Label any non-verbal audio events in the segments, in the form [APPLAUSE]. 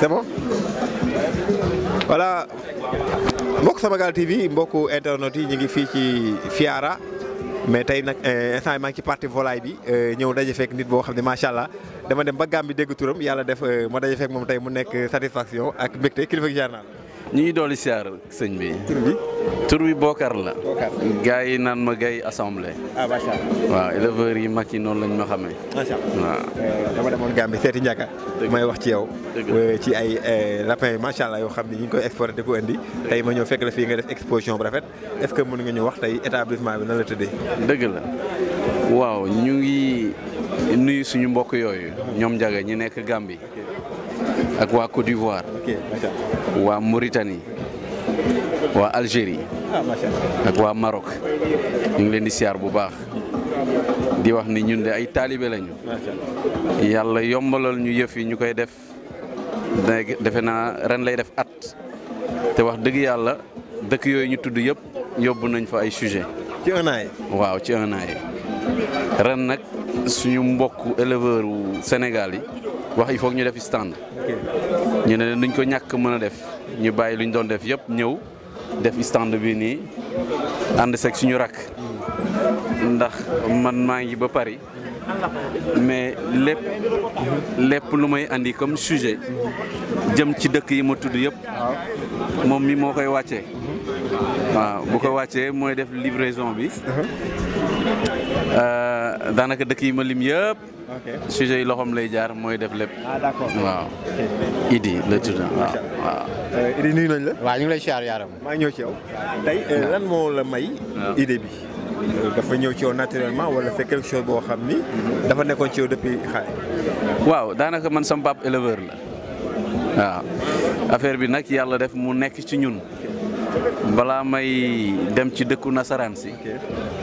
C'est bon voilà mbokk Samagal TV mbokk internet yi ñu ngi fii ci Fiara mais tey nag euh, instant maa ngi ci parti volaille bi euh, ñëw daje fekk nit boo xam ne macha allah dama dem ba gàm bi dégg turam yàlla def euh, ma daje fekk moom tey mu nekk satisfaction ak mbégte kilifa gi jaar naa la. ñu ngi dolli sëñ bi. tur bi tur bi Bokar la. gars yi naan ma gars yi assemblée. ah waaw éleveurs yi mag yi noonu lañ ma xamee. macha allah waaw. Eh, dama demoon Gambie seeti Ndiaka. may wax ci yow. Eh, ci ay lapin eh, macha allah yoo xam ne ñu ngi koy exporté di ko indi. tey ma ñëw fekk la fii nga def exposition bu rafet est ce que mën nga ñu wax tey établissement bi nan la tëddee. dëgg la waaw ñu ngi nuyu suñu mbokk yooyu. ñoom Ndiaga ñi nekk Gambie. ak waa Côte d'Ivoire. waa Mauritanie. waa Algérie ah, ak waa Maroc ñu ngi leen di siyaar bu baax di wax ni ñun de ay taalibe lañu yàlla yombalal ñu yëf yi ñu koy def defe naa ren lay def at te wax dëgg yàlla dëkk yooyu ñu tudd yëpp yóbbu nañ fa ay sujet ci waaw ci un yi ren nag suñu mbokk éleveur wu senegal yi wax il foog ñu def stand ñu ne leen duñ ko ñàkk mën a def ñu bàyyi lu ñu doon def yëpp ñëw def stand bi nii ànd seeg suñu rakk ndax man maa ngi ba Paris mais lépp lu may indi comme sujet jëm ci dëkk yi ma tudd yëpp moom mi moo koy wàcce waaw bu ko wàccee mooy def livraison bi. Uh-huh. Euh, daanaka dëkk yi ma lim yëpp. ok sujet yi lay jaar mooy def lépp. ah d'accord waaw. Idi la tudd euh, la. waaw ñu ngi lay siyaar yaaram. maa ñëw ci yow. tey euh, lan moo la may. idée bi. Euh, dafa ñëw ci yow naturellement wala fekk quelque chose boo xam ni. dafa nekkoon ci yow depuis waaw daanaka man sa pap éleveur la. waaw affaire bi nag yàlla def mu nekk ci ñun. balaa may dem ci dëkku nasaraan si.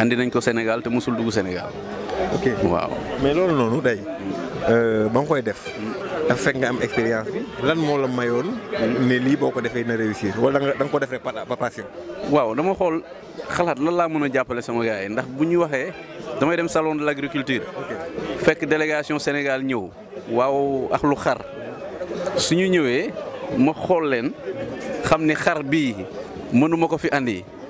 andi nañ ko Sénégal te mosul dugg Sénégal. ok waaw mais loolu noonu day euh, ba nga koy def. dafa fekk nga am expérience lan moo la mayoon. ne lii boo ko defee na réussir wala da nga ko def rek par passion. waaw dama xool xalaat lan laa mën a jàppale sama gars yi ndax bu ñu waxee damay dem salon de l' agriculture. fekk délégation Sénégal ñëw. waaw ax lu xar su ñu ñëwee ma xool leen xam ni xar bii mënuma ko fi andi.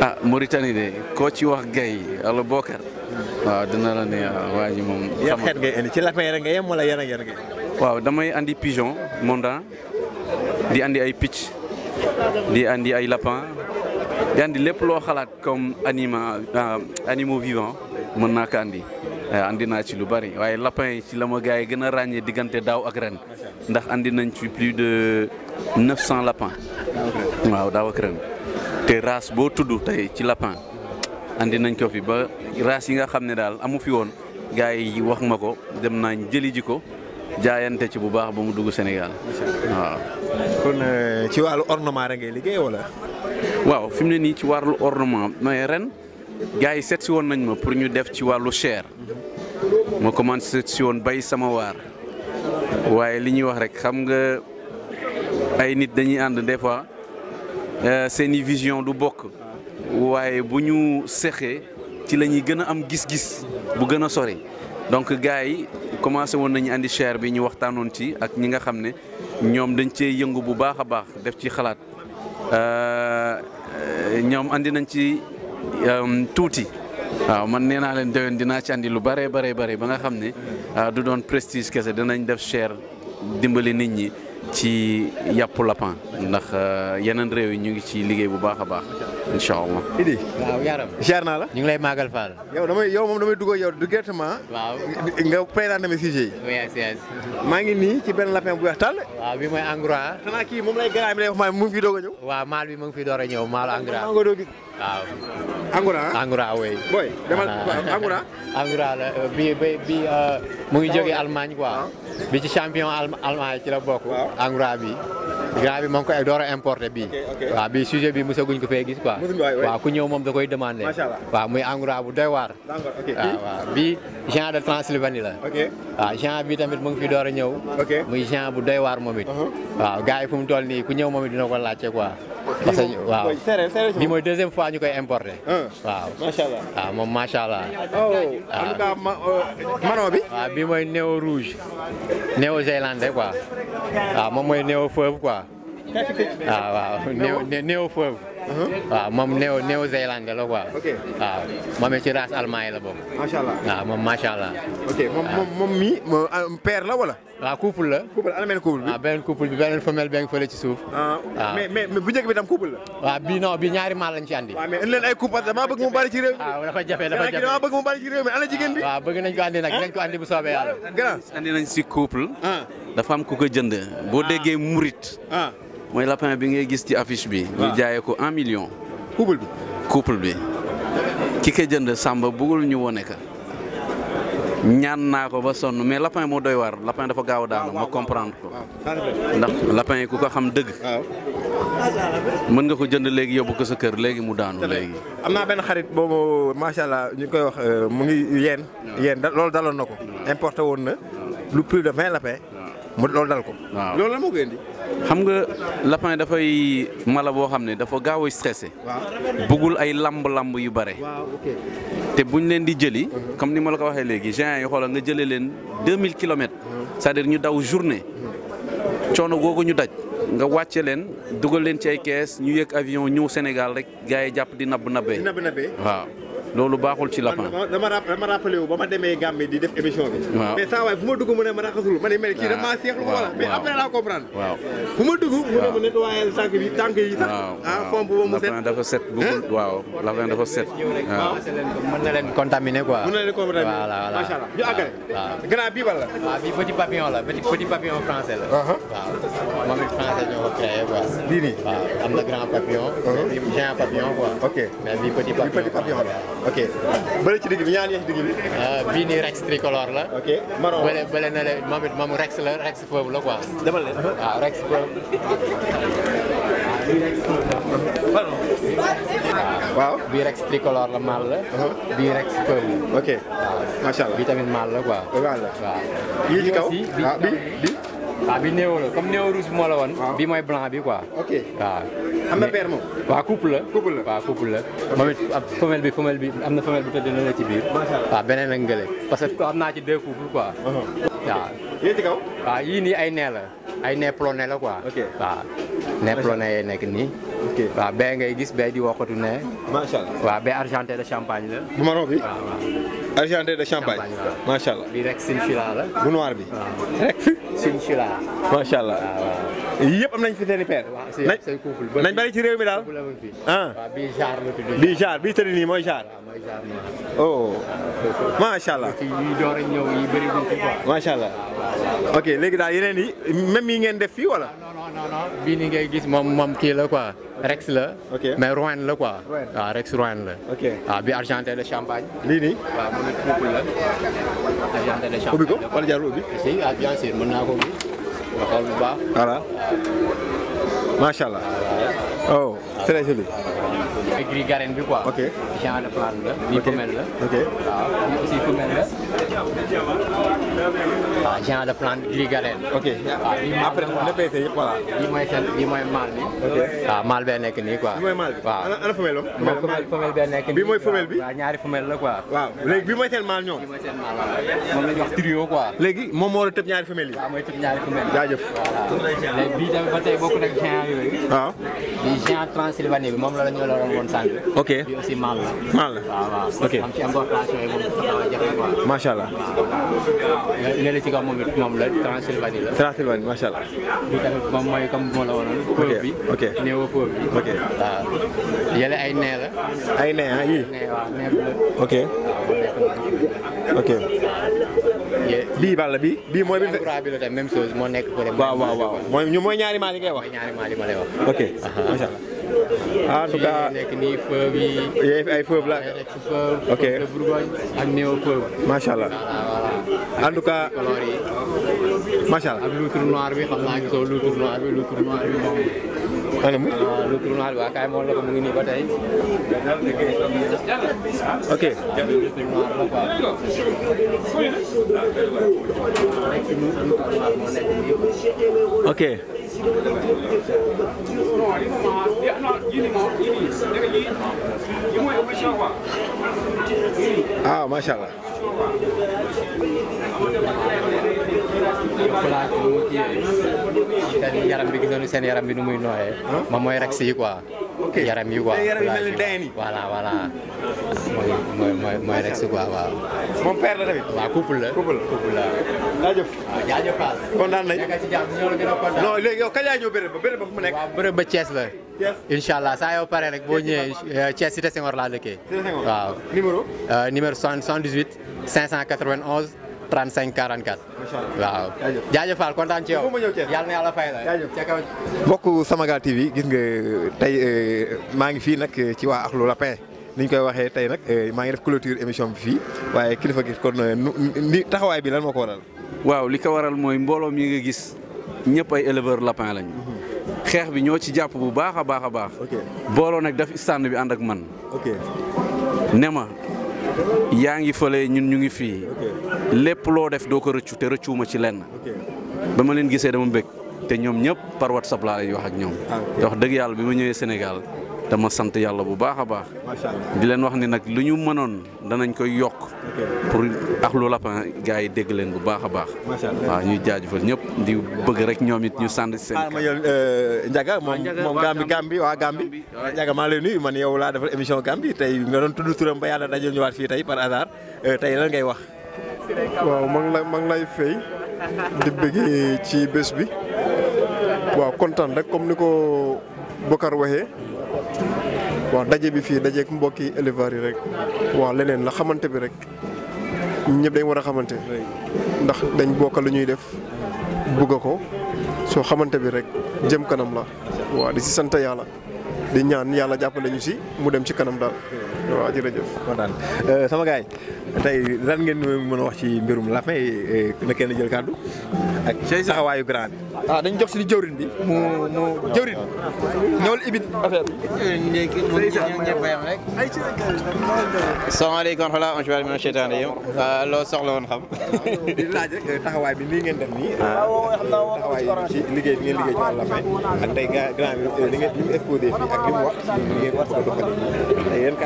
ah mauritanie de ko ci wax gay allo bokkar ah, ah, wa dina la ne waji mom ya xet kan, gay indi ci lapin rek nga yam wala yena yena gay wa damay andi pigeon mondan di andi ay pitch di andi ay lapin di andi lepp lo xalat comme anima ah, animaux vivants mon na ka andi andi na ci lu bari waye lapin ci lama gay gëna ragné digënté daw ak ren ndax andi nañ ci plus de 900 lapins waaw daw ak ren te race boo tudd tey ci lapin andi nañ ko fi ba race yi nga xam ne daal amu fi woon gars yi wax ma ko dem nañ jëli ji ko jaayante ci bu baax ba mu dugg Sénégal waaw. kon euh, ci wàllu ornement rek wala. waaw fi mu ne nii ci wàllu ornement mais ren gars yi seet si woon nañ ma pour ñu def ci wàllu chair ma commencé si woon bay sama waar waaye li ñuy wax rek xam nga ay nit dañuy ànd des Euh, seen i vision du bokk waaye bu ñu sexee ci la ñuy gën a am gis-gis bu gën a sori donc gars yi commencé woon nañu indi chaire bi ñu waxtaanoon ci ak ñi nga xam ne ñoom dañ cee yëngu bu baax a baax def ci xalaat euh, ñoom indi nañ ci euh, tuuti waaw man nee naa leen déwén dinaa ci indi lu bare bare bare ba nga xam ne ah, du doon prestige kese dinañ def chaire dimbali nit ñi. ci yàpp lapin ndax euh, yeneen réew yi ñu ngi ci liggéey bu baax a baax incha allah. Idi. waaw yaram jaar naa la. ñu ngi lay màggal Fall. yow damay yow moom damay dugg yow directement. waaw nga présenté ma sujet maa ngi nii ci ben lapin bu weex waaw bi mooy engrais. xanaa kii moom mu ngi fi doog ñëw. waaw maal bi mu ngi fi door [LAUGHS] bi euh, mu ngi jógee ci champion Allemagne ci la bokk. engrais bi. grand bi moo ngi koy door a importé bii bi mosaguñ ko fee gis quoi waaw ku ñëw moom da koy demandé waaw muy engrais bu doy waar waaw waaw bii Jean de Transylvanie la waaw Jean bi tamit mu ngi fi door a ñëw muy Jean bu doy waar moom it uh-huh. waaw gars yi fu mu toll ku ñëw moom it dina ko laajte quoi parce que waaw bii mooy deuxième fois ñu koy importé uh. waaw macha allah waaw moom macha allah oh, oh, manon bi waaw bii mooy néo rouge néo zélandais quoi waaw moom mooy néo fauve quoi Ah, waaw waaw néew néew waaw moom néew néew zélande la quoi. ok waaw moom ci race almaañ allah waaw moom macha allah. Ah, la wala. waaw couple la. couple ana benn couple bi. waaw ah, beneen couple bi beneen femelle beneen ci suuf. bu njëkk bi tam couple waaw bi non bi ñaari maal lañ ci andi. waaw mais indi leen ay couple bëgg mu bari ci réew mi. ana jigéen bi. waaw bëgg nañ ko andi nag nañ ko andi bu soobee yàlla. grand andi nañ si couple. dafa am ku ko jënd boo déggee murit mooy lapin bi ngay gis ci affiche bi. ñu jaayee ko un million. couple bi bi. ki ko jënd Samba bëggul ñu wone ka ñaan naa ko ba sonn mais lapin moo doy waar lapin dafa gaaw a daanu ma comprendre ko. ndax lapin yi ku ko xam dëgg. mën nga ko jënd léegi yóbbu ko sa kër léegi mu daanu léegi. am naa benn xarit boobu macha allah ñu koy wax euh, mu ngi yéen. yéen da loolu daloon na ko. importé woon na lu plus de vingt lapin. mu loolu dal ko. waaw xam nga lapin dafay mala boo xam ne dafa gaaw a stressé. ay lamb-lamb yu bare. te buñ leen di jëli. Uh-huh. comme ni ma la ko waxee léegi géants yi xoolal nga jëlee leen 2000 kilomètres. Uh-huh. cest dire ñu daw journée. Uh-huh. coono googu ñu daj. nga wàcce leen dugal leen ci ay kees ñu yëg avion ñëw Sénégal rek gars yi jàpp di nab nabbee. waaw. loolu baaxul ci lapin. dama dama rappelé wu ba ma demee Gambie di def émission bi. waaw mais saa waay fu ma dugg mu ne ma raxasul ma ne ma ne kii seexlu ko mais après laa comprendre. waaw fu dugg mu ne ma nettoyé tànk bi tànk yi sax. ah fomp ba mu set lapin dafa set. waaw lapin dafa set. waaw na leen contaminer quoi. mën na leen contaminer voilà macha allah ñu àggale. waaw gannaaw bii bala. waaw ah, bii petit papillon la petit papillon français la. Uh-huh. moom it français ñoo ko créé quoi. bii nii waaw am na grand papillon. bii uh-huh. papillon quoi. ok mais bii petit papillon bii petit bële ci digg bi ñaari yëf digg bi. Ah, bii rex tricolore la. bële na la moom it rex la rex fauve la quoi. demal ah, waaw bii rex tricolore la mâle la. Uh-huh. bii rex fauve ah, la. waaw macha allah bii la quoi. waaw yii kaw bii. ah bi néew la comme néew rouge bi moo la woon. bi mooy blanc bi quoi. ok am na paire moom. couple la. couple la waaw couple la. bi femelle bi am na femelle bu tëdd na la ci biir. macha allah waaw beneen ak ngële am naa ci deux couple quoi. Uh-huh. waaw. yéen ci ay nee la ay nee ploné la quoi. ok nee ploné yee nekk nii. ok waaw bee ngay gis bee di wokkatu nee. macha allah waaw la champagne la. bu ma bi argenté de champagne macha allah. bii rek sinchila la. bu noir bi ah. rek. sinchila. macha allah ah, yëpp am nañ fi seen i paire. nañ bari ci réew mi daal. ah bii jaar la tudd. bii jaar bii tëdd nii mooy jaar. oh macha allah. ok léegi daal yeneen yi même yi ngeen def fii wala. Ah, non, non. Bini ngay gis mom mom ki la quoi. Rex la. Okay. Mais Rouen la quoi. Ah Rex Rouen la. Okay. Ah bi argenté le champagne. Li ni? Wa ah, mon coupe la. Argenté le champagne. Ko bi ko? Wala jaru bi? Si, ah bien sûr, mon nako bi. Wa xol bu baax. Voilà. Ma Allah. Ah, ya. Oh, très joli. gris garenne bi quoi. ok champ de plante la. ok bii femelle la. ok waaw bii aussi la. waaw champ de plante gris garenne. ok waaw après na peese yëpp voilà. bii mooy seen bii bi. ok nekk nii quoi. bii mooy mâle bi waaw ana ana femelle moom femelle femelle bee nekk nii. bii mooy femelle bi waaw ñaari la quoi. waaw léegi bii mooy seen mâle ñoom. moom la ñuy wax trio quoi. léegi moom moo war ñaari femelle yi. waaw mooy tëb ñaari femelle yi. jaajëf voilà léegi bii ba tey bokk na ak champ yooyu. waaw ah. bii bi moom la ñu la amoon sànq. ok bi aussi maal la. maal la waaw waaw. ok am ci importation yi moom dafa xaw a jafe quoi. macha allah. ne la ci kaw moom it moom la Transylvanie la. Transylvanie macha allah. bi tamit moom mooy comme moo la woonoon. ok poof bi néew poof bi. ok waaw yële ay nee la. ay nee ah yii. nee waaw nee bu la. ok. ok. bii ban la bii bii mooy. bi la tam même chose moo nekk. waaw waaw waaw mooy ñu mooy ñaari maal yi ngay wax. mooy ñaari maal yi ma lay wax. ok macha allah. Ah, ha, suka. Like ni furby. Yeah, I fur Okay. Berubah. Anne fur. Masya Allah. Uh, Anu ka. Masya Allah. Abu turun arwi, kalau lagi solo turun arwi, lu turun arwi. Anu? Uh, lu turun arwi. Kaya mau lo kemungkinan apa dah? Okay. okay. ah macha allah. place nu mu bi gisoon seen yaram mooy rex yi quoi. yaram yi quoi yaram yi mel mooy mooy mooy waaw. moom père la tamit. waaw couple la couple la la. jaajëf waaw jaajëf Fass. kontaan nañ nekk ci jàmm yow laa ñëw waaw béréb ba Thiès la. Thiès incha allah saa yoo pare rek boo ñëwee Thiès cité Senghor laa dëkkee. waaw waaw jaajëfal kontaan ci yow yàlla na yàlla fay la ca kaw mbokk Samagal TV gis nga tey euh, maa ngi fii nag euh, ci waa Akhlou Lapin ni koy waxee tey nag euh, maa ngi def clôture émission bi fii waaye kilifa gi kon ni taxawaay bi lan moo ko waral waaw li ko waral mooy mbooloo mi nga gis ñëpp ay éleveur lapin lañ mhm. xeex bi ñoo ci jàpp bu baax a baax a baax booloo nag daf stand bi ànd ak man ne yaa ngi fële ñun ñu ngi fii lépp loo def doo ko rëccu te rëccuwuma ci lenn ba ma leen gisee dama bëgg te ñoom ñëpp par WhatsApp laa lay wax ak ñoom. Ah, wax dëgg yàlla bi ma ñëwee Sénégal. dama sant yàlla bu baax a baax di leen wax ni nag lu ñu mënoon danañ koy yokk pour ak lu lapin gars yi dégg leen bu baax a baax waaw ñu jaajëfal ñëpp di bëgg rek ñoom it ñu sànni seen ah ma yow eh, njaga moom ah, moom gambi gambi waa gambi njaga maa lay nuy man yow laa defal émission gambi tey nga doon tudd turam ba yàlla dajal ñëwaat fii tey par hasard tey lan ngay wax waaw ma ngi lay ma ngi lay fay di bëgge ci bés bi waaw kontaan rek comme ni ko bokkar waxee waaw daje bi fii daje dajeek mbokki éleveurs yi rek waaw leneen la xamante bi rek ñëpp dañ war a xamante ndax dañ bokk lu ñuy def bëgg ko soo xamante bi rek jëm kanam la waaw di si sant yàlla di ñaan yàlla jàppale lañu si mu dem ci kanam daal waaw jërëjëf kontaan euh, sama gars yi tey lan ngeen mën a wax ci mbirum lapin euh, na kenn jël kàddu ak taxawaayu grand bi. ah dañu jox suñu jëwrin bi mu mu jëwrin ñëwal ibit affaire bi. salaamaaleykum wa rahmatulah monsieur Badji Cheytaan yow loo soxla woon xam. di laaj rek euh, taxawaay bi nii ngeen def nii. Ah, taxawaay ci liggéey bi ngeen liggéey ci wàllu lapin ak tey grand bi li ngeen li mu exposé fii ak li mu wax li ngeen wax ko doxalee. yéen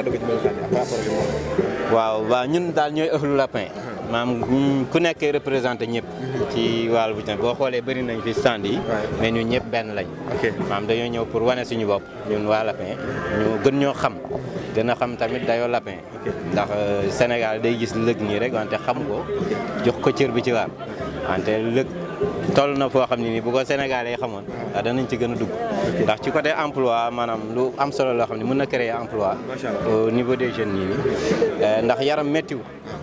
waaw waaw ñun daal ñooy ëxlu lapin maam mm, ku nekkee représenté ñëpp ci wàllu butin boo xoolee bëri nañ fi sandi yi ñun ñëpp benn lañ maam dañoo ñëw pour wane suñu bopp ñun waa lapin ñu gën ñoo xam gën a xam tamit dayoo lapin ndax euh, Sénégal day gis lëg nii rek wante xam ko jox ko cër bi ci waar wante lëg tol na foo xam ne nii bu ko Sénégalais yi xamoon ah, danañ ci gën a dugg ndax ci côté emploi maanaam lu am solo loo xam ne mën na créer emploi au niveau des jeunes yi nii eh, ndax yaram méttiwu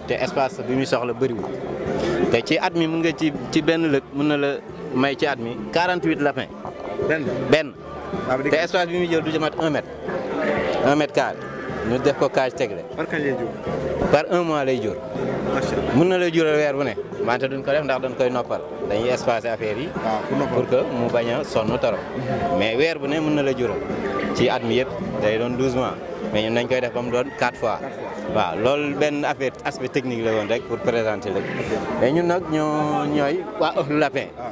te espace bi muy soxla bëriwul te ci at mi mën nga ci ci benn lëg mën na la may ci at mi 48 lapin benn ah, te espace bi muy jël du jëmaat un mètre 1 mètre carré ñu def ko cage tegle. par kañ lay jur. par un mois lay jur. mun na lay jural weer bu ne. wante duñ ko def ndax dañ koy noppal dañuy espacer affaire yi. Ah, pour que mu bañ son sonn torop. Mhm. mais weer bu ne mun na la jural ci at yëpp day doon douze mois mais ñun nañ koy def ba mu doon quatre fois. waaw loolu benn affaire aspect technique la woon rek pour présenter lépp mais ñun nag ñoo ñooy waa ëllu lapin. Ah.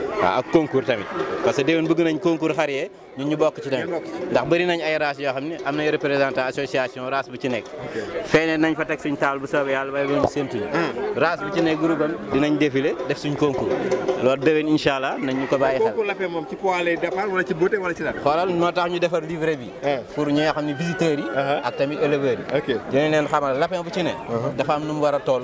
waaw ak concours tamit parce que déwén bëgg nañ concours xar yee ñu bokk ci tamit ndax barinañ nañ ay races yoo xam ne am nañ représentant association race bu ci nekk feeñee nañ fa teg suñ taal bu soobee yàlla bay bañu séentuñu hmm. race bu ci nekk groupe am dinañ défilé def suñ concours loolu déwén incha allah nañ ñu ko bàyyi xel xoolal moo tax ñu defar livret bi hmm. pour ñi nga xam ne visiteurs yi uh-huh. ak tamit éleveurs yi dinañ leen xamal lapin bu ci ne uh-huh. dafa am nu mu war a toll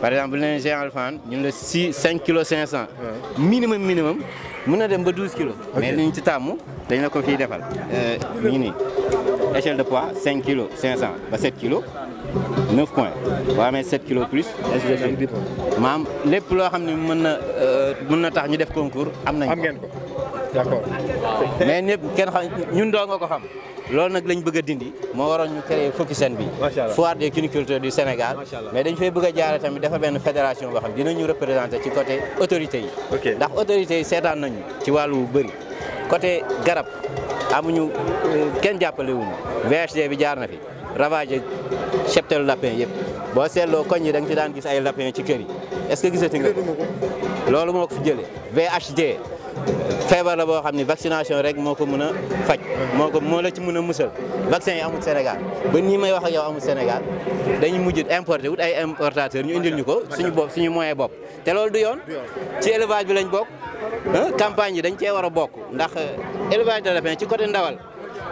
par exemple leneen général un ñun le 6 5 kg 500. minimum minimum mën na dem ba 12 kg. mais niñ ci tàmm dañ la ko fi défal euh ni échelle de poids 5 kg, 500 ba 7 kg, 9 points boo mais 7 kg plus. maam lépp loo xam ne mën na euh, mën na tax ñu def concours am nañ ko. d'accord mais ñëpp kenn xam ñun doo ko xam loolu nag lañ bëgg a dindi moo waroon ñu créer focus seen bi foire des cuniculteurs du Sénégal mais dañ fay bëgg a jaare tamit dafa benn fédération boo xam dinañu représenter ci côté autorité ndax autorité seetaan nañu ci wàllu bëri côté garab amuñu euh, kenn jàppale wuñu VHD bi jaar na fi ravagé cheptel lapin yëpp boo seetloo koñ yi da nga ci daan gis ay lapin ci kër yi est-ce que gisati nga loolu moo ko fi VHD feebar la boo xam ne vaccination rek moo ko mën a faj moo ko moo la ci mën a musal vaccin yi amul Sénégal ba nii may wax ak yow amul Sénégal dañu mujj importer wut ay importateur ñu indil ñu ko suñu bopp suñu moyen bopp te loolu du yoon ci élevage bi lañ bokk campagne yi dañ cee war a bokk ndax euh, élevage de lapin ci côté ndawal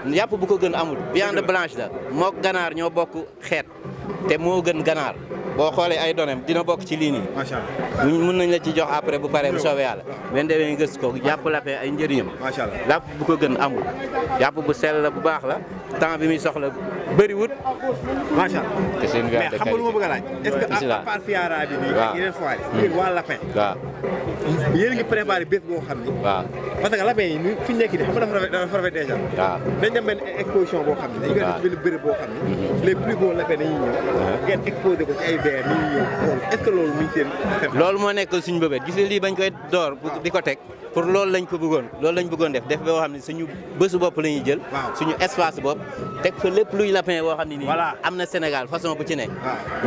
yàpp bu ko gën amul viande blanche da moo ganaar ñoo bokk xeet te moo gën ganaar boo xoolee ay données dina bokk ci lii nii. macha la ci jox après bu paree bu soobee yàlla. benn demee nga gës ko jàpp la ay njëriñam. macha allah ko gën amul. jàpp bu sel la bu baax la temps bi muy soxla bëriwut. macha allah te seen mais a laaj. est-ce hmm. waa Lapin. a ngi préparé bés boo xam ni. waaw parce que Lapin yi ni fi ñu nekk nii xam boo xam ne. waaw dañu koy def Lol est ce que loolu gis nga bañ koy door di ko teg pour loolu lañ ko bëggoon loolu lañ bëggoon def def boo xam ne suñu bésu bopp la ñuy jël suñu espace bopp teg fa lépp luñ lapin boo xam ne nii Sénégal façon bu ci ne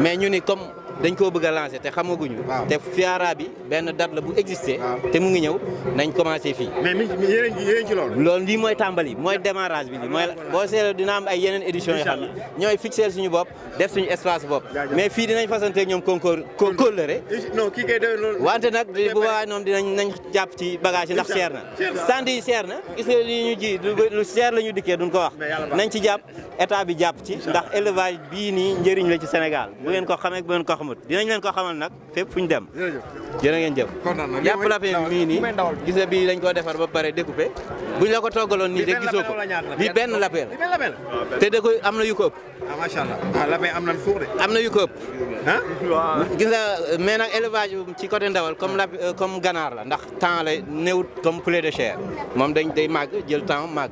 mais ñu ni comme dañ koo bëgg a lancé te xamaguñu. te fiara bi benn date la bu existé. te mu ngi ñëw nañ commencé fii. mais mi yéen yéen lii mooy tàmbali mooy demarage bi lii mooy boo seetloo dina am ay yeneen édition yoo xam ne ñooy fixé suñu bopp def suñu espace bopp. mais fii dinañ fasanteeg ñoom concours kóllëre. non kii kay demee loolu. wante nag bu boobaa ñoom dinañ nañ jàpp ci bagage ndax seer na. stand yi seer na gis nga li ñu ji lu seer la ñu dikkee duñ ko wax. nañ ci jàpp état bi jàpp ci ndax élevage bii nii njëriñ la ci senegal bu ngeen amut dinañ leen ko xamal nag fépp fu ñu dem. jërëjëf jërë ngeen jëf. yàpp lapin bi mii nii gis nga bii dañ ko defar ba pare découpé buñ la ko toggaloon nii de gisoo ko bi benn lapin la te da koy am na yu ko ah, macha allah ah, lapin am nañ suuf am na yu ko ëpp. ah gis nga mais nag ci côté ndawal comme la comme ganaar la ndax temps lay néew comme poulet de chair moom dañ day màgg jël temps màgg.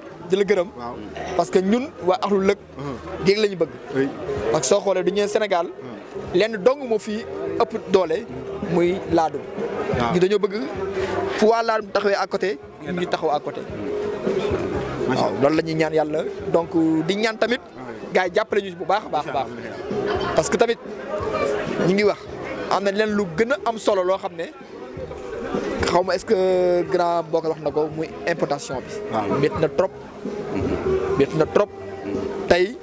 di la gërëm. parce que ñun waa axlu lëg. géej la ñu bëgg. parce que soo xoolee du ñu Sénégal. lenn dong moo fi ëpp doole muy laadum. waaw ñu dañoo bëgg fu waa laadum taxawee ak côté. ñu taxaw ak côté. waaw loolu la ñuy ñaan yàlla donc di ñaan tamit. Ah gars yi jàppale ñu bu baax baax baax. parce que tamit ñu ngi wax am na leen lu gën a am solo loo xam ne. xaw ma est-ce que grand boo wax na ko muy importation bi. waaw na trop. métti na trop. tey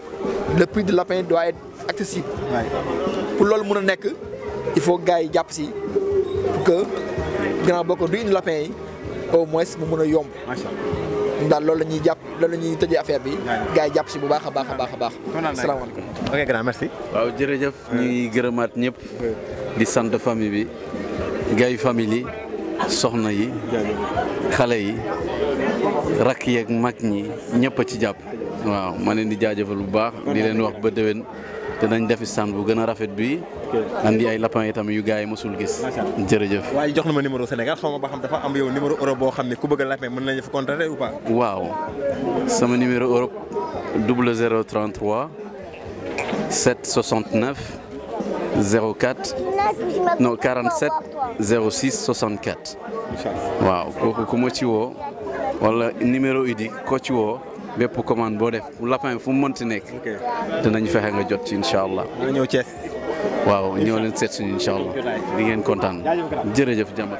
le prix du lapin doit accessible. pour loolu mën a nekk il faut gars yi jàpp si pour que grand boo ko moins mu mën a yomb. daal loolu la ñuy jàpp loolu la ñuy tëjee affaire bi. gars yi jàpp bu baax a baax a baax a baax. salaamaaleykum. waaw jërëjëf. ñuy gërëmaat ñëpp. di sant famille bi. gars yi famille yi. soxna yi xale yi rakk yeeg mag ñi ñëpp a ci jàpp. waaw ma leen di jaajëfal bu baax di leen wax ba déwén dinañ def stand bu gën a rafet bi andi ay lapin itam yu gaa yi mësul gis. jërëjëf waaye jox na ma numéro senegal xaw ma ba xam dafa am yow numéro Europe boo xam ne ku bëgg a lapin mën nañu fa contrater ou pas. waaw sama numéro Europe 0033 769. 04 non 47 06 64. waaw kooku ku ma ci woo wala numéro UDI ko ci woo bépp commande boo def lapin fu mu mënti nekk. dinañ fexe nga jot ci incha allah. nga ñëw Thiès. waaw ñëw leen seet suñu incha allah di ngeen kontaan jërëjëf jàmm.